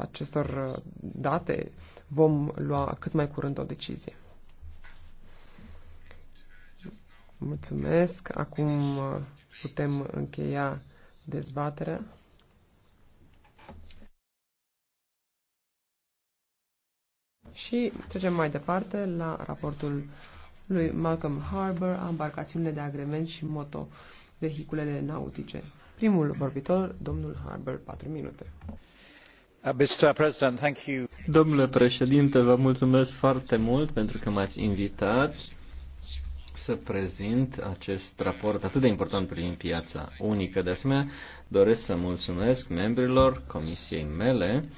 acestor uh, date vom lua cât mai curând o decizie. Mulțumesc. Acum uh, putem încheia dezbaterea. Și trecem mai departe la raportul lui Malcolm Harbour, embarcațiunile de agrement și moto vehiculele nautice. Primul vorbitor, domnul Harbour, 4 minute. Uh, Domnule președinte, vă mulțumesc foarte mult pentru că m-ați invitat să prezint acest raport atât de important privind piața unică. De asemenea, doresc să mulțumesc membrilor comisiei mele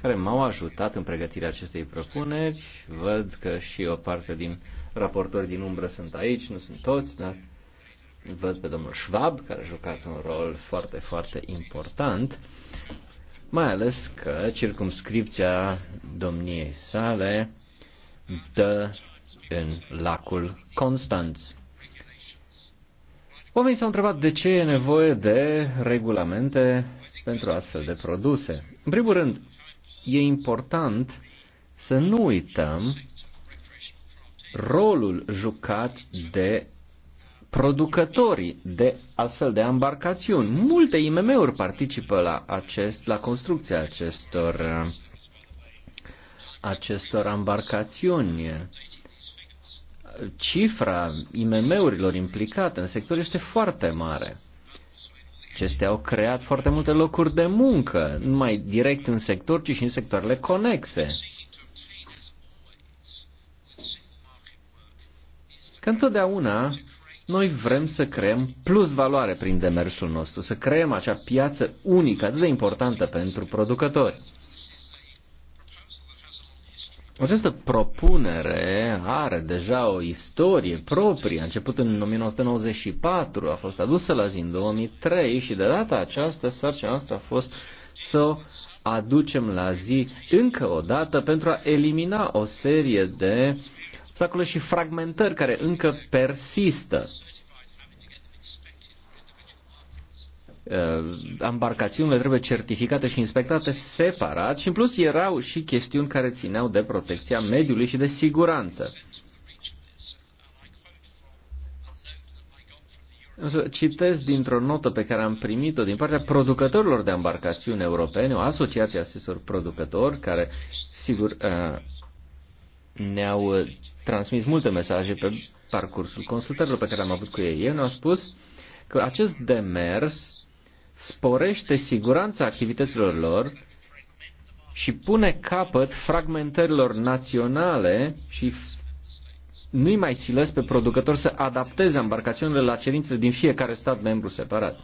care m-au ajutat în pregătirea acestei propuneri. Văd că și o parte din raportori din umbră sunt aici, nu sunt toți, dar văd pe domnul Schwab, care a jucat un rol foarte, foarte important mai ales că circumscripția domniei sale dă în lacul Constanț. Oamenii s-au întrebat de ce e nevoie de regulamente pentru astfel de produse. În primul rând, e important să nu uităm rolul jucat de producătorii de astfel de embarcațiuni. Multe IMM-uri participă la, acest, la construcția acestor, acestor embarcațiuni. Cifra IMM-urilor implicate în sector este foarte mare. Acestea au creat foarte multe locuri de muncă, nu mai direct în sector, ci și în sectoarele conexe. Că întotdeauna noi vrem să creăm plus valoare prin demersul nostru, să creăm acea piață unică atât de importantă pentru producători. Această propunere are deja o istorie proprie, a început în 1994, a fost adusă la zi în 2003 și de data aceasta sarcina noastră a fost să o aducem la zi încă o dată pentru a elimina o serie de obstacole și fragmentări care încă persistă. Ambarcațiunile uh, trebuie certificate și inspectate separat și în plus erau și chestiuni care țineau de protecția mediului și de siguranță. Citesc dintr-o notă pe care am primit-o din partea producătorilor de embarcațiuni europene, o asociație asesor producători, care, sigur, uh, ne-au transmis multe mesaje pe parcursul consultărilor pe care am avut cu ei. Ei ne-au spus că acest demers sporește siguranța activităților lor și pune capăt fragmentărilor naționale și nu-i mai silesc pe producători să adapteze embarcațiunile la cerințele din fiecare stat membru separat.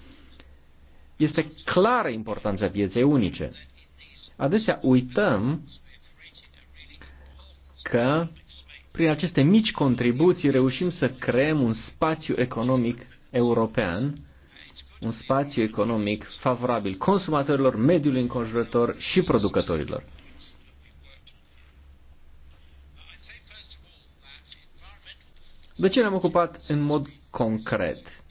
Este clară importanța pieței unice. Adesea uităm că prin aceste mici contribuții reușim să creăm un spațiu economic european, un spațiu economic favorabil consumatorilor, mediului înconjurător și producătorilor. De ce ne-am ocupat în mod concret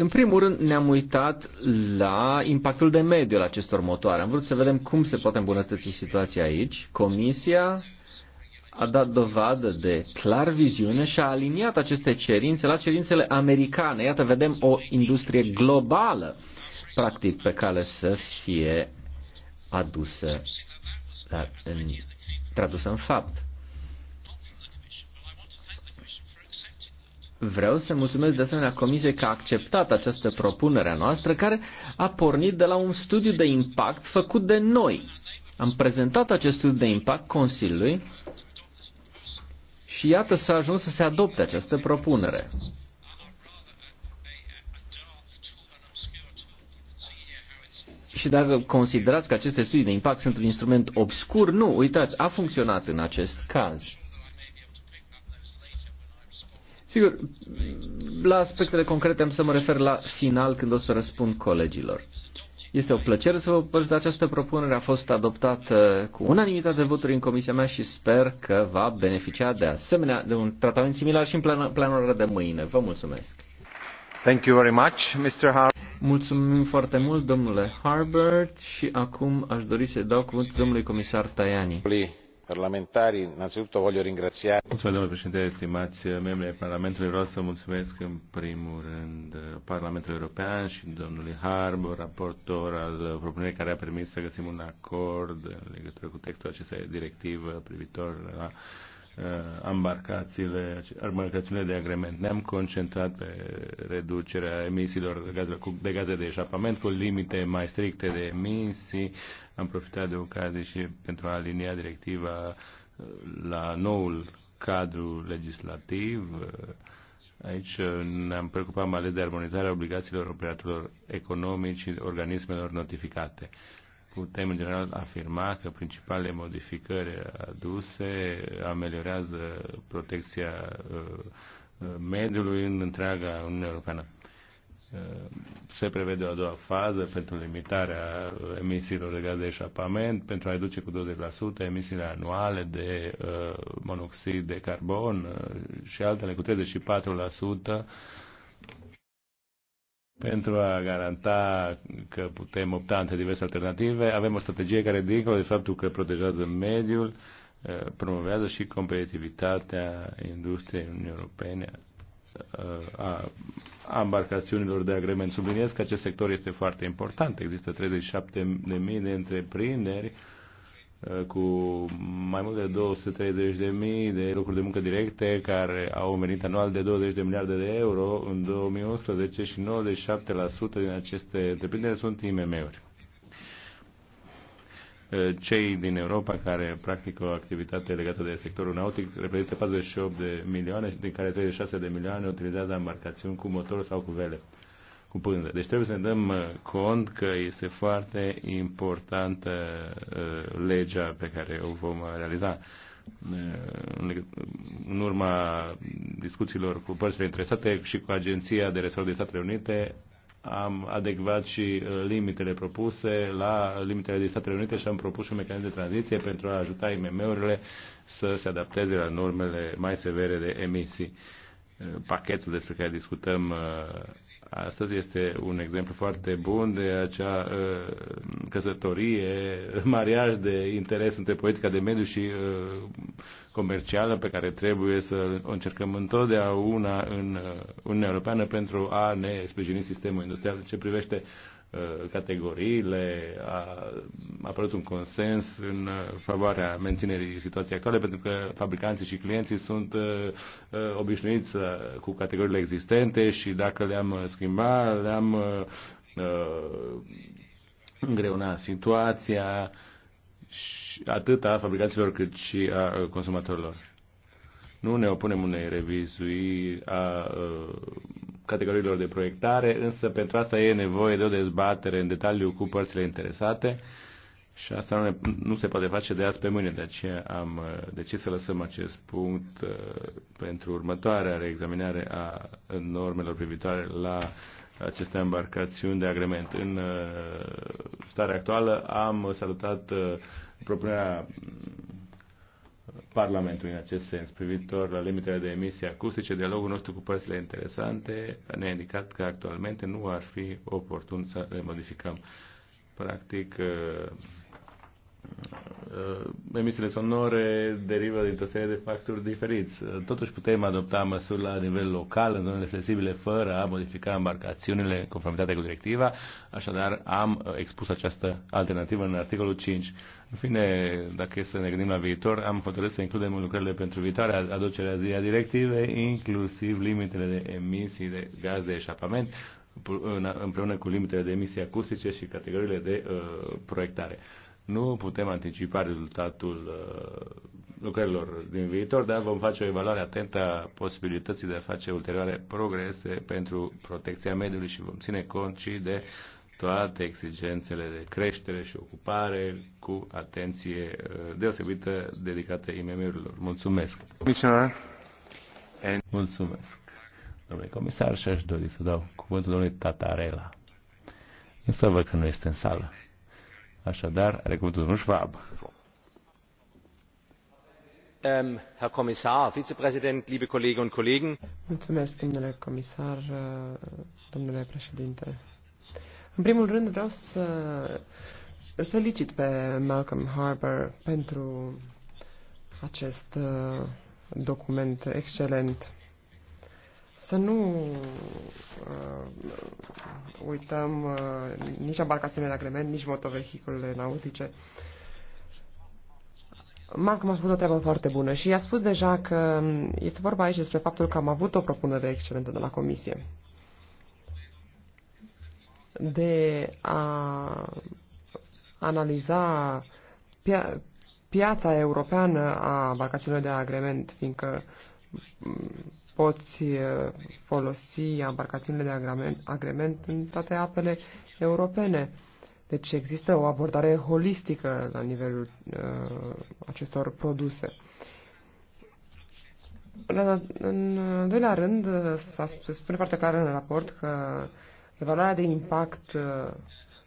în primul rând ne-am uitat la impactul de mediu al acestor motoare. Am vrut să vedem cum se poate îmbunătăți situația aici. Comisia a dat dovadă de clar viziune și a aliniat aceste cerințe la cerințele americane. Iată, vedem o industrie globală, practic, pe care să fie adusă, în, tradusă în fapt. Vreau să mulțumesc de asemenea Comisiei că a acceptat această propunere a noastră care a pornit de la un studiu de impact făcut de noi. Am prezentat acest studiu de impact Consiliului și iată s-a ajuns să se adopte această propunere. Și dacă considerați că aceste studii de impact sunt un instrument obscur, nu, uitați, a funcționat în acest caz. Sigur, la aspectele concrete am să mă refer la final când o să răspund colegilor. Este o plăcere să vă părți această propunere. A fost adoptată cu unanimitate de voturi în comisia mea și sper că va beneficia de asemenea de un tratament similar și în planul de mâine. Vă mulțumesc. Thank you very much, Mr. Har- Mulțumim foarte mult, domnule Harbert, și acum aș dori să dau cuvântul domnului comisar Tajani. Please parlamentari innanzitutto voglio ringraziare. domnule președinte stimați membri ai parlamentului vreau să mulțumesc în primul rând parlamentului european și domnului harbour raportor al propunerii care a permis să găsim un acord în legătură cu textul acestei directive privitor la embarcațiile, uh, embarcațiile de agrement. Ne-am concentrat pe reducerea emisiilor de gaze de eșapament cu limite mai stricte de emisii. Am profitat de ocazie și pentru a alinia directiva uh, la noul cadru legislativ. Uh, aici ne-am preocupat mai ales de armonizarea obligațiilor operatorilor economici și organismelor notificate putem în general afirma că principalele modificări aduse ameliorează protecția uh, uh, mediului în întreaga Uniunea Europeană. Uh, se prevede o a doua fază pentru limitarea emisiilor de gaze de eșapament, pentru a reduce cu 20% emisiile anuale de monoxid de carbon și altele cu 34% pentru a garanta că putem opta între diverse alternative. Avem o strategie care, dincolo de faptul că protejează mediul, eh, promovează și competitivitatea industriei Uniunii Europene eh, a embarcațiunilor de agrement. Subliniez că acest sector este foarte important. Există 37.000 de întreprinderi Uh, cu mai mult de 230.000 de locuri de muncă directe care au venit anual de 20 de miliarde de euro în 2011 și 97% din aceste întreprinderi sunt IMM-uri. Uh, cei din Europa care practică o activitate legată de sectorul nautic reprezintă 48 de milioane, din care 36 de milioane utilizează embarcațiuni cu motor sau cu vele cu pânză. Deci trebuie să ne dăm uh, cont că este foarte importantă uh, legea pe care o vom uh, realiza în urma discuțiilor cu părțile interesate și cu Agenția de Resort de Statele Unite, am adecvat și limitele propuse la limitele din Statele Unite și am propus și un mecanism de tranziție pentru a ajuta IMM-urile să se adapteze la normele mai severe de emisii. Pachetul despre care discutăm Astăzi este un exemplu foarte bun de acea uh, căsătorie, mariaj de interes între politica de mediu și uh, comercială pe care trebuie să o încercăm întotdeauna în uh, Uniunea Europeană pentru a ne sprijini sistemul industrial ce privește Uh, categoriile, a apărut un consens în uh, favoarea menținerii situației actuale, pentru că fabricanții și clienții sunt uh, obișnuiți cu categoriile existente și dacă le-am schimbat, le-am îngreunat situația și atât a fabricanților cât și a consumatorilor. Nu ne opunem unei revizui a categoriilor de proiectare, însă pentru asta e nevoie de o dezbatere în detaliu cu părțile interesate și asta nu, ne, nu se poate face de azi pe mâine, de aceea am uh, decis să lăsăm acest punct uh, pentru următoarea reexaminare a normelor privitoare la aceste embarcațiuni de agrement. În uh, starea actuală am salutat propunerea Parlamentului în acest sens, privitor la limitele de emisie acustice, dialogul nostru cu părțile interesante ne-a indicat că actualmente nu ar fi oportun să le modificăm. Practic, Uh, emisiile sonore derivă dintr-o serie de factori diferiți. Uh, totuși putem adopta măsuri la nivel local, în zonele sensibile, fără a modifica embarcațiunile în conformitate cu directiva. Așadar, am uh, expus această alternativă în articolul 5. În fine, dacă e să ne gândim la viitor, am hotărât să includem lucrările pentru viitoarea aducerea zi a directivei, inclusiv limitele de emisii de gaz de eșapament, împreună cu limitele de emisii acustice și categoriile de uh, proiectare. Nu putem anticipa rezultatul uh, lucrărilor din viitor, dar vom face o evaluare atentă a posibilității de a face ulterioare progrese pentru protecția mediului și vom ține cont și de toate exigențele de creștere și ocupare cu atenție uh, deosebită dedicată IMM-urilor. Mulțumesc! Mulțumesc! Domnule comisar, și aș dori să dau cuvântul domnului Tatarela. Însă văd că nu este în sală. Așadar, are cuvântul domnul Schwab. Ähm, Herr Kommissar, Vizepräsident, liebe Kolleginnen und Kollegen. Mulțumesc, domnule comisar, domnule președinte. În primul rând vreau să îl felicit pe Malcolm Harbour pentru acest uh, document excelent să nu uh, uităm uh, nici embarcațiunile la grement, nici motovehiculele nautice. Marc m-a spus o treabă foarte bună și i-a spus deja că este vorba aici despre faptul că am avut o propunere excelentă de la Comisie de a analiza pia- piața europeană a embarcațiunilor de agrement, fiindcă poți eh, folosi embarcațiunile de agrement, agrement în toate apele europene. Deci există o abordare holistică la nivelul uh, acestor produse. La, în doilea rând, se spune foarte clar în raport că evaluarea de impact eh,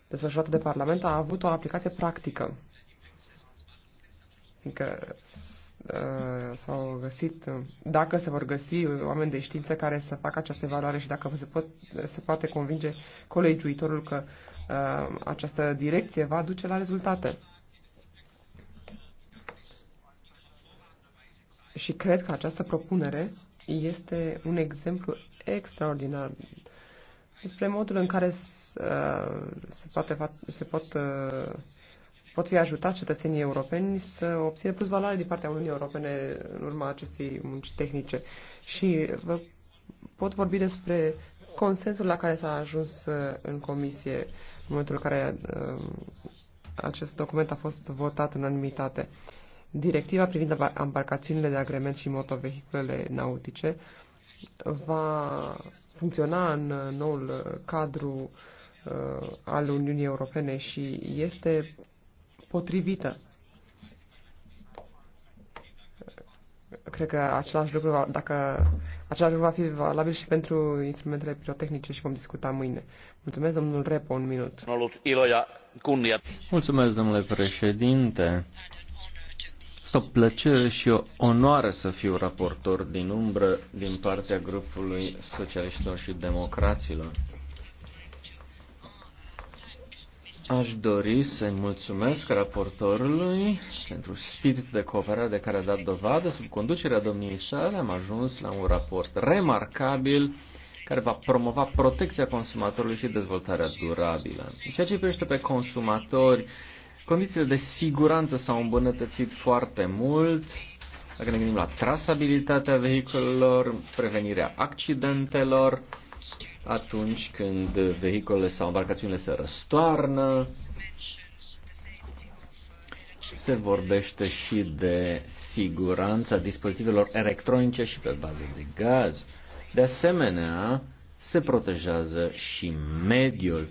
desfășurată de Parlament a avut o aplicație practică. Adică Uh, s-au găsit, dacă se vor găsi oameni de știință care să facă această evaluare și dacă se, pot, se poate convinge colegiuitorul că uh, această direcție va duce la rezultate. Și cred că această propunere este un exemplu extraordinar despre modul în care se, uh, se, poate, se pot uh, pot fi ajutați cetățenii europeni să obțină plus valoare din partea Uniunii Europene în urma acestei munci tehnice. Și vă pot vorbi despre consensul la care s-a ajuns uh, în comisie în momentul în care uh, acest document a fost votat în anumitate. Directiva privind embarcațiunile de agrement și motovehiculele nautice va funcționa în uh, noul cadru uh, al Uniunii Europene și este potrivită. Cred că același lucru, va, dacă același lucru va fi valabil și pentru instrumentele pirotehnice și vom discuta mâine. Mulțumesc, domnul Repo, un minut. Mulțumesc, domnule președinte. Este o plăcere și o onoare să fiu raportor din umbră din partea grupului socialiștilor și democraților. Aș dori să-i mulțumesc raportorului pentru spiritul de cooperare de care a dat dovadă. Sub conducerea domniei sale am ajuns la un raport remarcabil care va promova protecția consumatorului și dezvoltarea durabilă. În ceea ce privește pe consumatori, condițiile de siguranță s-au îmbunătățit foarte mult. Dacă ne gândim la trasabilitatea vehiculelor, prevenirea accidentelor, atunci când vehiculele sau embarcațiunile se răstoarnă. Se vorbește și de siguranța dispozitivelor electronice și pe bază de gaz. De asemenea, se protejează și mediul.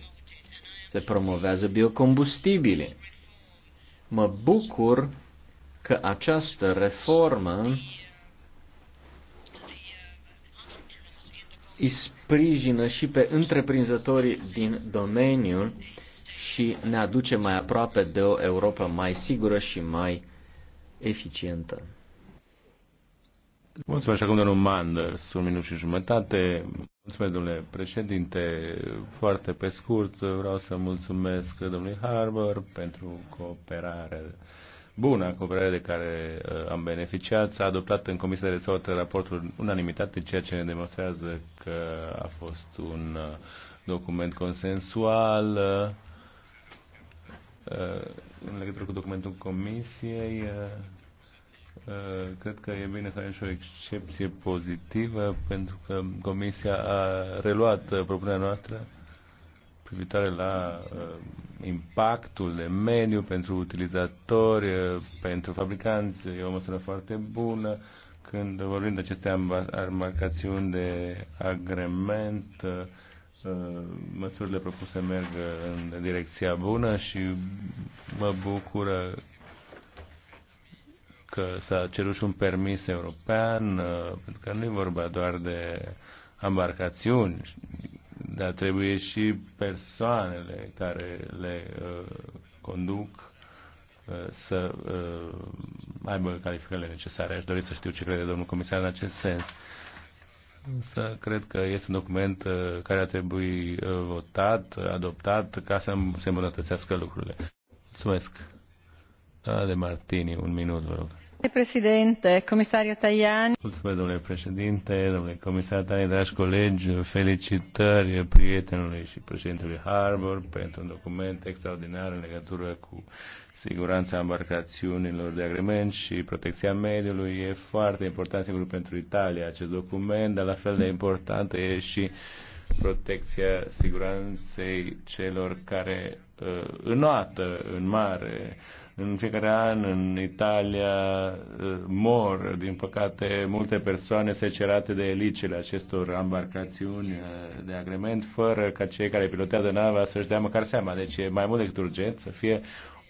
Se promovează biocombustibile. Mă bucur că această reformă îi sprijină și pe întreprinzătorii din domeniul și ne aduce mai aproape de o Europa mai sigură și mai eficientă. Mulțumesc acum domnul Manders, un minut și jumătate. Mulțumesc, domnule președinte. Foarte pe scurt, vreau să mulțumesc domnului Harbour pentru cooperare bună cooperare de care uh, am beneficiat. S-a adoptat în Comisia de Resort raportul unanimitate, ceea ce ne demonstrează că a fost un uh, document consensual uh, în legătură cu documentul Comisiei. Cred că e bine să avem și o excepție pozitivă pentru că Comisia a reluat propunerea noastră privitoare la uh, impactul de mediu pentru utilizatori, uh, pentru fabricanți. E o măsură foarte bună. Când vorbim de aceste marcațiuni de agrement, uh, măsurile propuse merg în direcția bună și mă bucură că s-a cerut și un permis european, uh, pentru că nu e vorba doar de embarcațiuni, dar trebuie și persoanele care le uh, conduc uh, să uh, aibă calificările necesare. Aș dori să știu ce crede domnul comisar în acest sens. Însă cred că este un document uh, care ar trebui uh, votat, adoptat, ca să se îmbunătățească lucrurile. Mulțumesc. Doamna de Martini, un minut, vă rog. Președinte, domnule președinte, domnule comisar Tajani, dragi colegi, felicitări prietenului și președintelui Harbour pentru un document extraordinar în legătură cu siguranța embarcațiunilor de agrement și protecția mediului. E foarte important, sigur, pentru Italia acest document, dar la fel de important e și protecția siguranței celor care uh, înoată în mare. În fiecare an în Italia ă, mor, din păcate, multe persoane secerate de elicele acestor embarcațiuni ă, de agrement, fără ca cei care pilotează nava să-și dea măcar seama. Deci e mai mult decât urgent să fie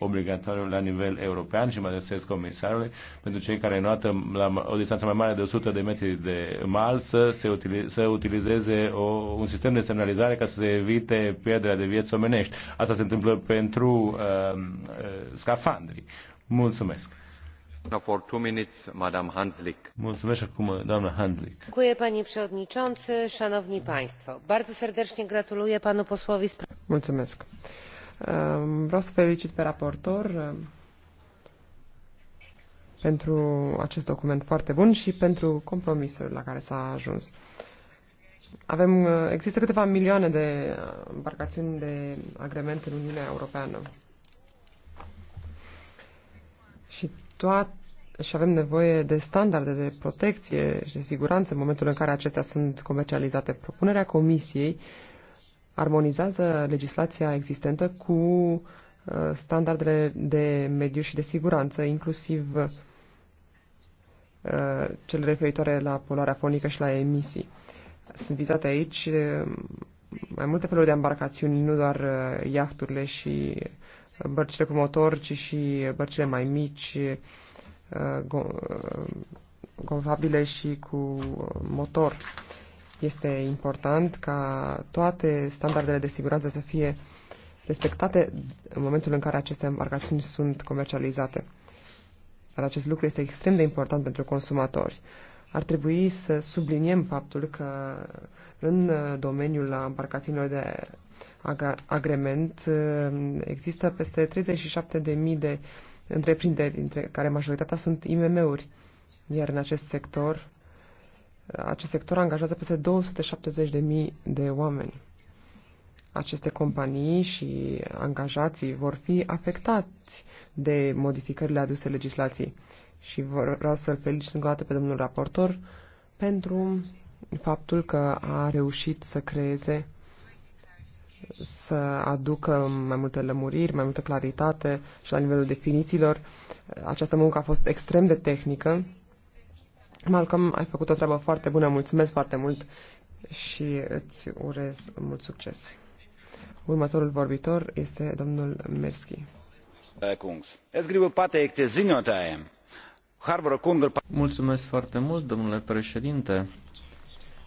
obligatoriu la nivel european și mă adresez comisarului pentru cei care înoată la o distanță mai mare de 100 de metri de mal să, se utilize, să utilizeze o, un sistem de semnalizare ca să se evite pierderea de vieți omenești. Asta se întâmplă pentru uh, uh scafandrii. Mulțumesc! For two minutes, Madame Hanslik. Mulțumesc acum, doamna Hanslik. Dziękuję, panie przewodniczący, szanowni państwo. Bardzo serdecznie gratuluję panu posłowi. Mulțumesc. Ehm, vreau să felicit pe raportor ehm, pentru acest document foarte bun și pentru compromisul la care s-a ajuns. Avem, eh, există câteva milioane de eh, embarcațiuni de agrement în Uniunea Europeană. Și, toat, și avem nevoie de standarde de protecție și de siguranță în momentul în care acestea sunt comercializate. Propunerea Comisiei uh, armonizează legislația existentă cu uh, standardele de mediu și de siguranță, inclusiv uh, cele referitoare la poluarea fonică și la emisii. Sunt vizate aici uh, mai multe feluri de embarcațiuni, nu doar iahturile și bărcile cu motor, ci și bărcile mai mici, gonflabile și cu motor. Este important ca toate standardele de siguranță să fie respectate în momentul în care aceste embarcațiuni sunt comercializate. Dar acest lucru este extrem de important pentru consumatori. Ar trebui să subliniem faptul că în domeniul embarcațiunilor de agrement uh, există peste 37.000 de întreprinderi, dintre care majoritatea sunt IMM-uri. Iar în acest sector acest sector angajează peste 270.000 de oameni. Aceste companii și angajații vor fi afectați de modificările aduse legislației. Și vreau să-l felicit încă o dată pe domnul raportor pentru faptul că a reușit să creeze, să aducă mai multe lămuriri, mai multă claritate și la nivelul definițiilor. Această muncă a fost extrem de tehnică Malcolm, ai făcut o treabă foarte bună, mulțumesc foarte mult și îți urez mult succes. Următorul vorbitor este domnul Merski. Mulțumesc foarte mult, domnule președinte.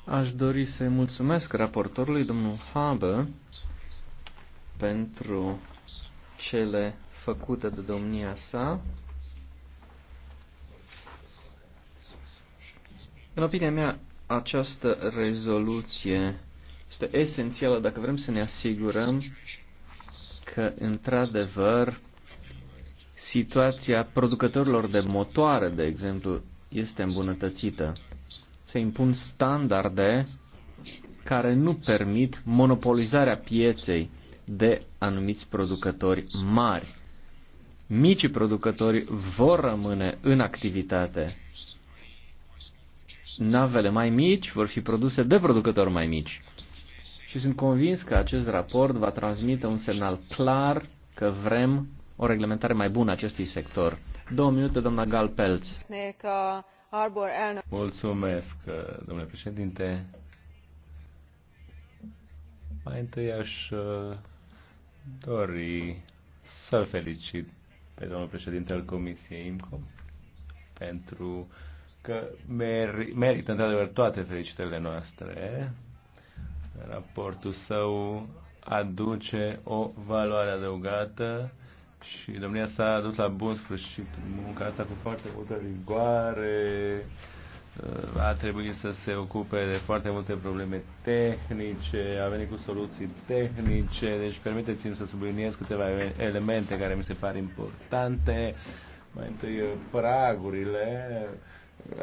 Aș dori să mulțumesc raportorului, domnul Habe, pentru cele făcute de domnia sa În opinia mea, această rezoluție este esențială dacă vrem să ne asigurăm că, într-adevăr, situația producătorilor de motoare, de exemplu, este îmbunătățită. Se impun standarde care nu permit monopolizarea pieței de anumiți producători mari. Micii producători vor rămâne în activitate navele mai mici vor fi produse de producători mai mici. Și sunt convins că acest raport va transmite un semnal clar că vrem o reglementare mai bună acestui sector. Două minute, doamna Gal Pelț. Mulțumesc, domnule președinte. Mai întâi aș uh, dori să-l felicit pe domnul președinte al Comisiei IMCO pentru uh, că meri, merită într-adevăr toate fericitele noastre. Raportul său aduce o valoare adăugată și domnia s-a adus la bun sfârșit munca asta cu foarte multă rigoare, a trebuit să se ocupe de foarte multe probleme tehnice, a venit cu soluții tehnice, deci permiteți-mi să subliniez câteva elemente care mi se par importante. Mai întâi pragurile,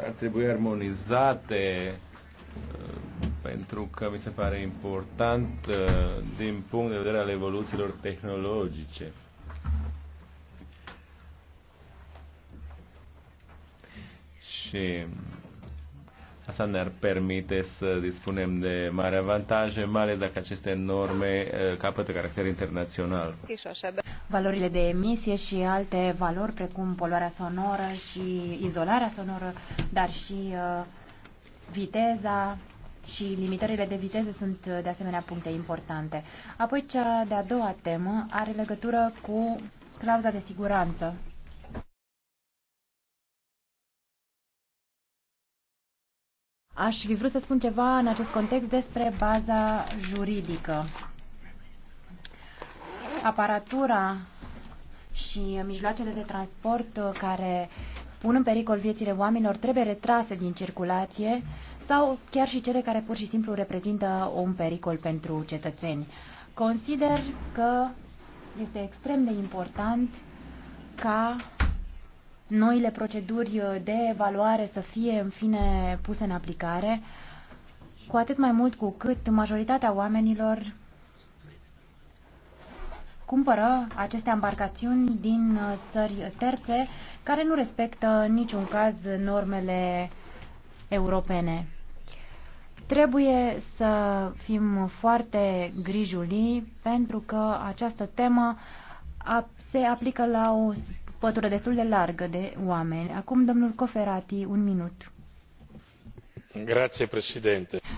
ar trebui armonizate uh, pentru că mi se pare important uh, din punct de vedere al evoluțiilor tehnologice. Și asta ne-ar permite să dispunem de mari avantaje, mai ales dacă aceste norme uh, capătă caracter internațional valorile de emisie și alte valori precum poluarea sonoră și izolarea sonoră, dar și uh, viteza și limitările de viteză sunt uh, de asemenea puncte importante. Apoi cea de-a doua temă are legătură cu clauza de siguranță. Aș fi vrut să spun ceva în acest context despre baza juridică aparatura și mijloacele de transport care pun în pericol viețile oamenilor trebuie retrase din circulație sau chiar și cele care pur și simplu reprezintă un pericol pentru cetățeni. Consider că este extrem de important ca noile proceduri de evaluare să fie în fine puse în aplicare, cu atât mai mult cu cât majoritatea oamenilor cumpără aceste embarcațiuni din uh, țări terțe care nu respectă în niciun caz normele europene. Trebuie să fim foarte grijuli pentru că această temă se aplică la o pătură destul de largă de oameni. Acum, domnul Coferati, un minut.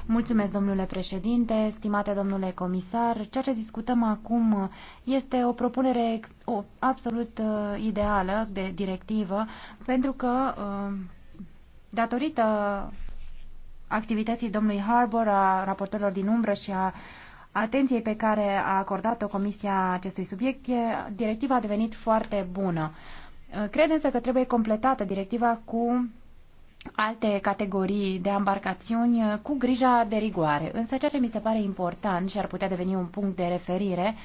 Mulțumesc, domnule președinte, stimate domnule comisar. Ceea ce discutăm acum este o propunere absolut uh, ideală de directivă, pentru că, uh, datorită activității domnului Harbour, a raportorilor din umbră și a atenției pe care a acordat-o Comisia acestui subiect, directiva a devenit foarte bună. Uh, cred însă că trebuie completată directiva cu alte categorii de embarcațiuni cu grija de rigoare. Însă ceea ce mi se pare important și ar putea deveni un punct de referire,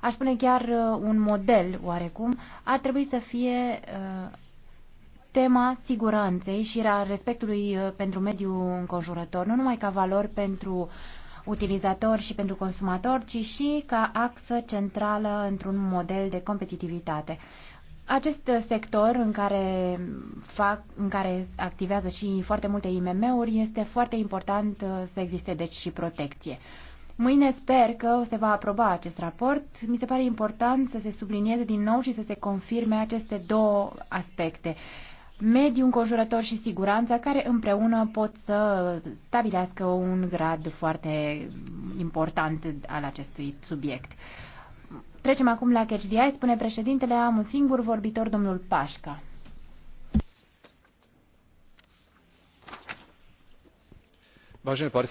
aș spune chiar uh, un model oarecum, ar trebui să fie uh, tema siguranței și a respectului uh, pentru mediul înconjurător, nu numai ca valori pentru utilizator și pentru consumator, ci și ca axă centrală într-un model de competitivitate. Acest sector în care, fac, în care activează și foarte multe IMM-uri este foarte important uh, să existe deci și protecție. Mâine sper că se va aproba acest raport. Mi se pare important să se sublinieze din nou și să se confirme aceste două aspecte. Mediul înconjurător și siguranța, care împreună pot să stabilească un grad foarte important al acestui subiect. Trecem acum la CHDI, spune președintele, am un singur vorbitor, domnul Pașca. Eh,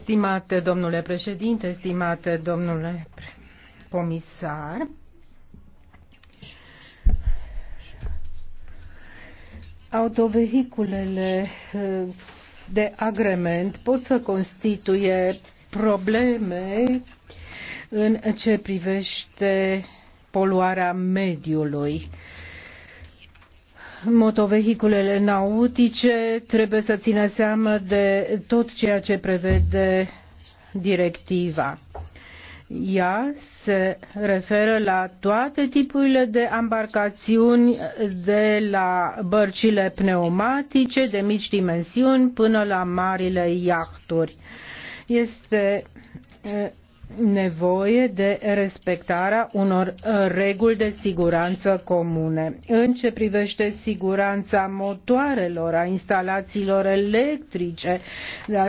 stimate domnule președinte stimate domnule comisar autovehiculele eh, de agrement pot să constituie probleme în ce privește poluarea mediului motovehiculele nautice trebuie să țină seama de tot ceea ce prevede directiva. Ea se referă la toate tipurile de embarcațiuni, de la bărcile pneumatice de mici dimensiuni până la marile iahturi. Este nevoie de respectarea unor uh, reguli de siguranță comune. În ce privește siguranța motoarelor, a instalațiilor electrice,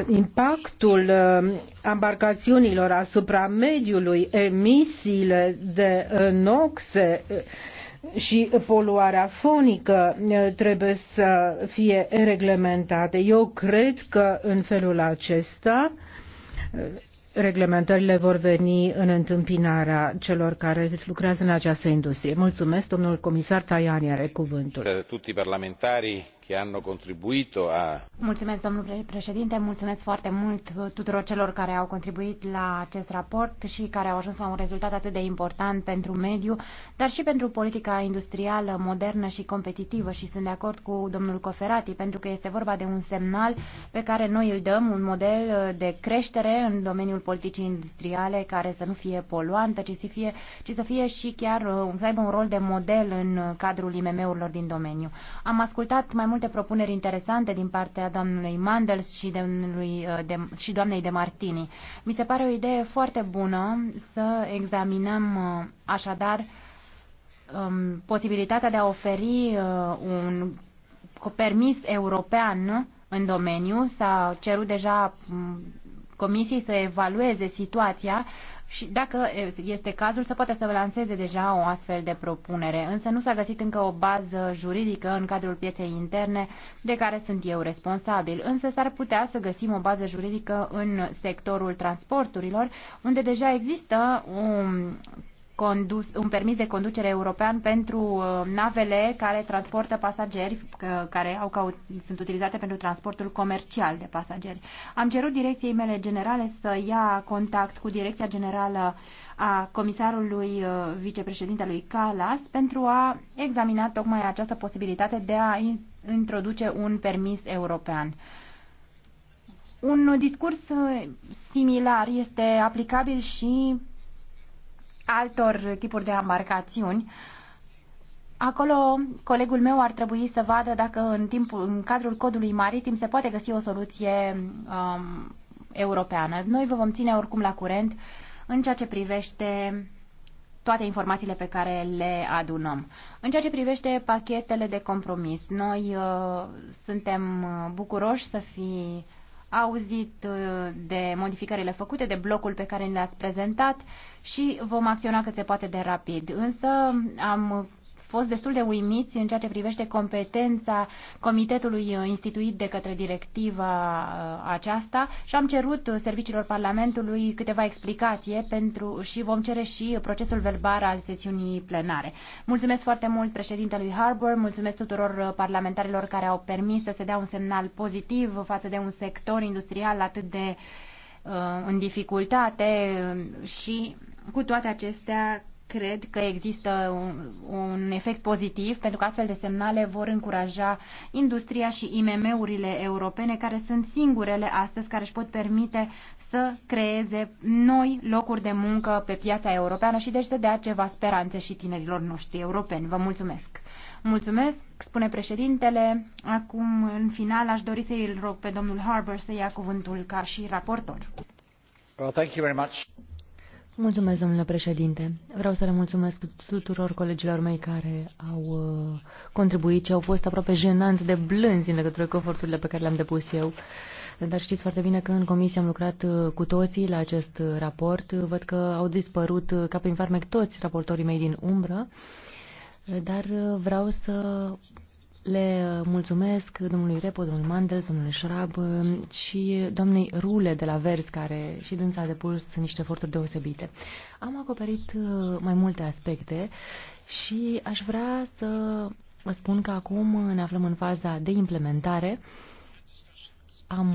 impactul uh, embarcațiunilor asupra mediului, emisiile de uh, noxe, și poluarea fonică trebuie să fie reglementate. Eu cred că în felul acesta reglementările vor veni în întâmpinarea celor care lucrează în această industrie. Mulțumesc, domnul comisar Tajani are cuvântul che hanno contribuito a. Mulțumesc, domnule președinte, mulțumesc foarte mult uh, tuturor celor care au contribuit la acest raport și care au ajuns la un rezultat atât de important pentru mediu, dar și pentru politica industrială modernă și competitivă și sunt de acord cu domnul Coferati pentru că este vorba de un semnal pe care noi îl dăm, un model uh, de creștere în domeniul politicii industriale care să nu fie poluantă, ci să fie, ci să fie și chiar uh, să aibă un rol de model în cadrul IMM-urilor din domeniu. Am ascultat mai multe propuneri interesante din partea doamnului Mandels și, domnului, uh, de, și doamnei de Martini. Mi se pare o idee foarte bună să examinăm uh, așadar um, posibilitatea de a oferi uh, un permis european în domeniu. S-a cerut deja mm, comisiei să evalueze situația și dacă este cazul să poate să lanseze deja o astfel de propunere, însă nu s-a găsit încă o bază juridică în cadrul pieței interne de care sunt eu responsabil, însă s-ar putea să găsim o bază juridică în sectorul transporturilor, unde deja există un condus, un permis de conducere european pentru uh, navele care transportă pasageri, uh, care au, ca, sunt utilizate pentru transportul comercial de pasageri. Am cerut direcției mele generale să ia contact cu direcția generală a comisarului uh, vicepreședintelui Calas pentru a examina tocmai această posibilitate de a introduce un permis european. Un discurs similar este aplicabil și altor tipuri de embarcațiuni, Acolo, colegul meu ar trebui să vadă dacă în, timpul, în cadrul codului maritim se poate găsi o soluție um, europeană. Noi vă vom ține oricum la curent în ceea ce privește toate informațiile pe care le adunăm. În ceea ce privește pachetele de compromis, noi uh, suntem uh, bucuroși să fi auzit uh, de modificările făcute, de blocul pe care ne ați prezentat și vom acționa cât se poate de rapid. Însă am fost destul de uimiți în ceea ce privește competența comitetului instituit de către directiva uh, aceasta și am cerut serviciilor Parlamentului câteva explicații pentru și vom cere și procesul verbal al sesiunii plenare. Mulțumesc foarte mult președintelui Harbour, mulțumesc tuturor parlamentarilor care au permis să se dea un semnal pozitiv față de un sector industrial atât de uh, în dificultate și cu toate acestea cred că există un, un efect pozitiv, pentru că astfel de semnale vor încuraja industria și IMM-urile europene, care sunt singurele astăzi care își pot permite să creeze noi locuri de muncă pe piața europeană și deci să dea ceva speranțe și tinerilor noștri europeni. Vă mulțumesc! Mulțumesc, spune președintele. Acum, în final, aș dori să i rog pe domnul Harbour să ia cuvântul ca și raportor. Well, thank you very much. Mulțumesc, domnule președinte. Vreau să le mulțumesc tuturor colegilor mei care au uh, contribuit și au fost aproape jenanți de blânzi în legătură cu eforturile pe care le-am depus eu. Dar știți foarte bine că în comisie am lucrat uh, cu toții la acest uh, raport. Văd că au dispărut ca prin farmec toți raportorii mei din umbră, dar vreau să le uh, mulțumesc domnului Repo, domnului Mandels, domnului Șrab uh, și doamnei Rule de la Vers, care și dânsa a depus niște eforturi deosebite. Am acoperit uh, mai multe aspecte și aș vrea să vă spun că acum ne aflăm în faza de implementare. Am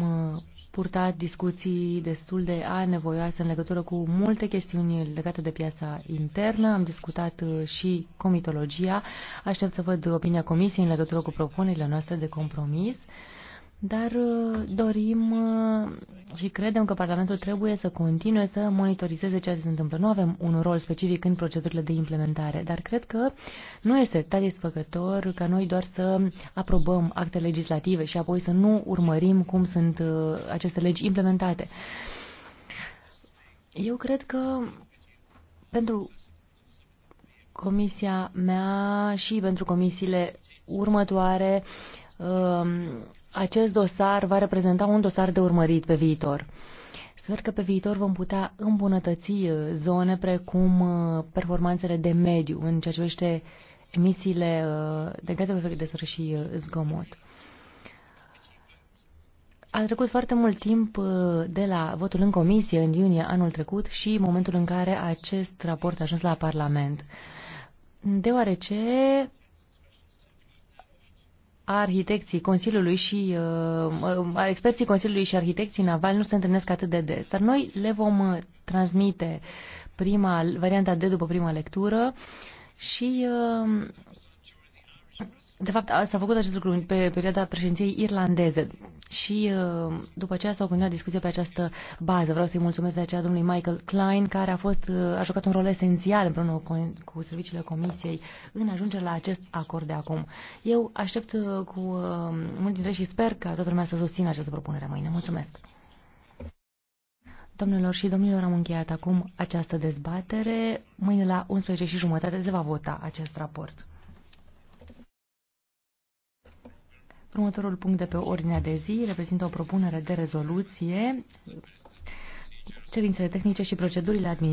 purtat discuții destul de anevoioase în legătură cu multe chestiuni legate de piața internă. Am discutat uh, și comitologia. Aștept să văd opinia Comisiei în legătură cu propunerile noastre de compromis dar uh, dorim uh, și credem că Parlamentul trebuie să continue să monitorizeze ceea ce se întâmplă. Nu avem un rol specific în procedurile de implementare, dar cred că nu este satisfăcător ca noi doar să aprobăm acte legislative și apoi să nu urmărim cum sunt uh, aceste legi implementate. Eu cred că pentru comisia mea și pentru comisiile următoare um, acest dosar va reprezenta un dosar de urmărit pe viitor. Sper că pe viitor vom putea îmbunătăți uh, zone precum uh, performanțele de mediu în ceea ce privește emisiile uh, de gaze cu efect de seră și zgomot. A trecut foarte mult timp de la votul în comisie în iunie anul trecut și momentul în care acest raport a ajuns la Parlament, deoarece arhitecții Consiliului și uh, uh, experții Consiliului și arhitecții navali nu se întâlnesc atât de des, dar noi le vom uh, transmite prima varianta de după prima lectură și uh, de fapt, s-a făcut acest lucru pe perioada președinției irlandeze și uh, după aceea s-au continuat discuția pe această bază. Vreau să-i mulțumesc de aceea domnului Michael Klein, care a, fost, uh, a jucat un rol esențial împreună cu, cu serviciile Comisiei în ajungerea la acest acord de acum. Eu aștept uh, cu mult dintre și sper că toată lumea să susțină această propunere mâine. Mulțumesc! Domnilor și domnilor, am încheiat acum această dezbatere. Mâine la 11 și jumătate se va vota acest raport. Următorul punct de pe ordinea de zi reprezintă o propunere de rezoluție, cerințele tehnice și procedurile administrative.